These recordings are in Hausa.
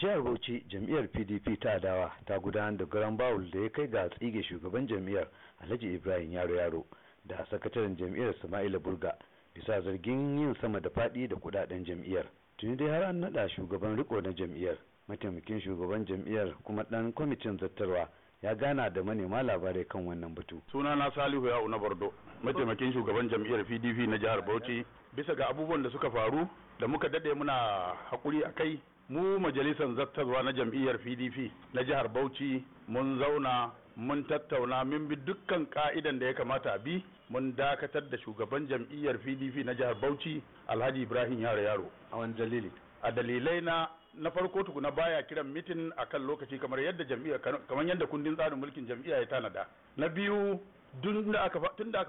jihar bauchi jam'iyyar pdp ta adawa ta gudanar da garan bawul da ya kai ga tsige shugaban jam'iyyar alhaji ibrahim yaro yaro da sakataren jam'iyyar sama'ila burga bisa zargin yin sama da faɗi da kudaden jam'iyyar tuni dai har an nada shugaban riko na jam'iyyar mataimakin shugaban jam'iyyar kuma dan kwamitin zattarwa ya gana da manema labarai kan wannan batu. sunana Salihu Ya'u na Bardo, mataimakin shugaban jam'iyyar PDP na jihar Bauchi, bisa ga abubuwan da suka faru da muka dade muna hakuri a kai mu majalisar zattarwa na jam'iyyar pdp na jihar bauchi mun zauna mun tattauna min bi dukkan ka'idan da ya kamata a bi mun dakatar da shugaban jam'iyyar pdp na jihar bauchi alhaji ibrahim yaro yaro a wani dalili a dalilai na na farko tukuna baya kiran mitin akan lokaci kamar yadda jam'iyyar kamar yadda kundin tsarin mulkin jam'iyya ya tanada na biyu tun da aka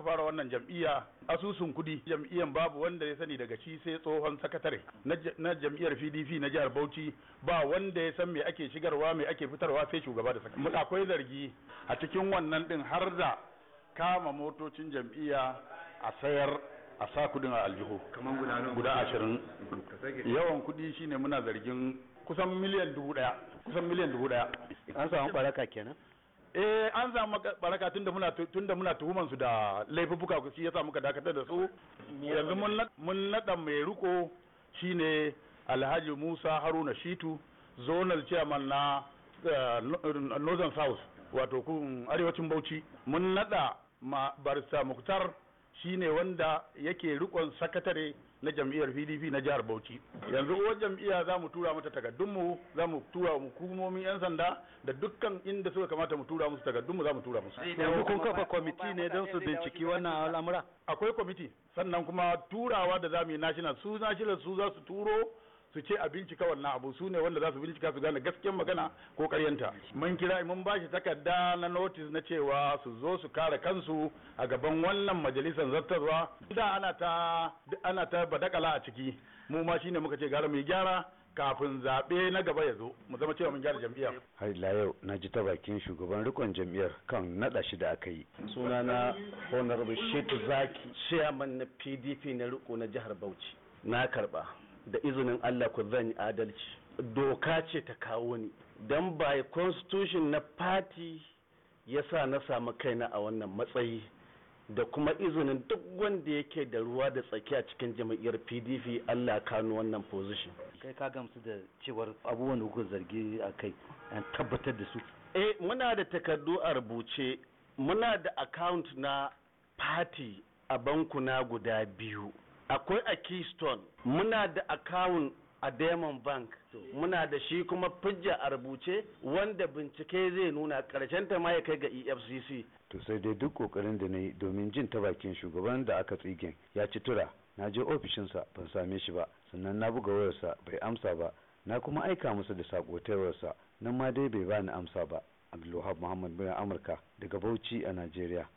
fara wannan jam'iyya asusun kudi jam'iyyan babu wanda ya sani daga shi sai tsohon sakatare na jam'iyyar pdp na jihar bauchi ba wanda ya san me ake shigarwa me ake fitarwa sai shugaba da sakatare akwai zargi a cikin wannan din har da kama motocin jam'iyya a sayar a sa kudin a aljihu guda ashirin yawan kudi shine muna zargin kusan miliyan dubu daya kusan miliyan dubu daya an samu baraka kenan eh an maka baraka tunda muna tunda muna tuhuman su da laifuka shi yasa muka dakatar da su yanzu mun mun nada mai riko shine Alhaji Musa Haruna Shitu zonal chairman na eh, Northern South wato kun arewacin Bauchi mun nada ma Barista Muktar shine wanda yake rikon sakatare na jam'iyyar PDP na jihar Bauchi yanzu uwar jam'iyya za mu tura mata takardunmu za mu tura mu hukumomin yan sanda da dukkan inda suka kamata mu tura musu takardunmu za mu tura musu yanzu kun kafa kwamiti ne don su binciki wannan al'amura akwai kwamiti sannan kuma turawa da za mu yi national su national su za su turo su ce a bincika wannan abu su ne wanda za su bincika su gane gaskiyar magana ko karyanta mun kira mun ba shi takarda na notice na cewa su zo su kare kansu a gaban wannan majalisar zartarwa da ana ta ana ta badakala a ciki mu ma shine muka ce gara mu gyara kafin zaɓe na gaba ya zo mu zama cewa mun gyara jam'iyyar. har ila yau na ji ta bakin shugaban rikon jam'iyyar kan naɗa shi da aka yi sunana honorable shetu zaki chairman na pdp na riko na jihar bauchi na karɓa da izinin Allah ku zan adalci doka ce ta kawo ni don by constitution na party ya sa na samu kaina a wannan matsayi da kuma izinin duk wanda yake da ruwa da tsaki a cikin jam'iyyar pdp allah kano wannan position kai ka gamsu da cewar abubuwan da zargi a kai an tabbatar da su eh muna da takardu a rubuce muna da account na party a bankuna guda biyu akwai a keystone muna da akawun a diamond bank muna da shi kuma fijja a rubuce wanda bincike zai nuna karshen ta ma ya kai ga efcc to sai dai duk kokarin da na yi domin jin ta bakin shugaban da aka tsige ya ci tura na je ofishinsa ban same shi ba sannan na buga wayarsa bai amsa ba na kuma aika masa da sako wayarsa nan ma dai bai bani amsa ba abdulwahab muhammad bin amurka daga bauchi a najeriya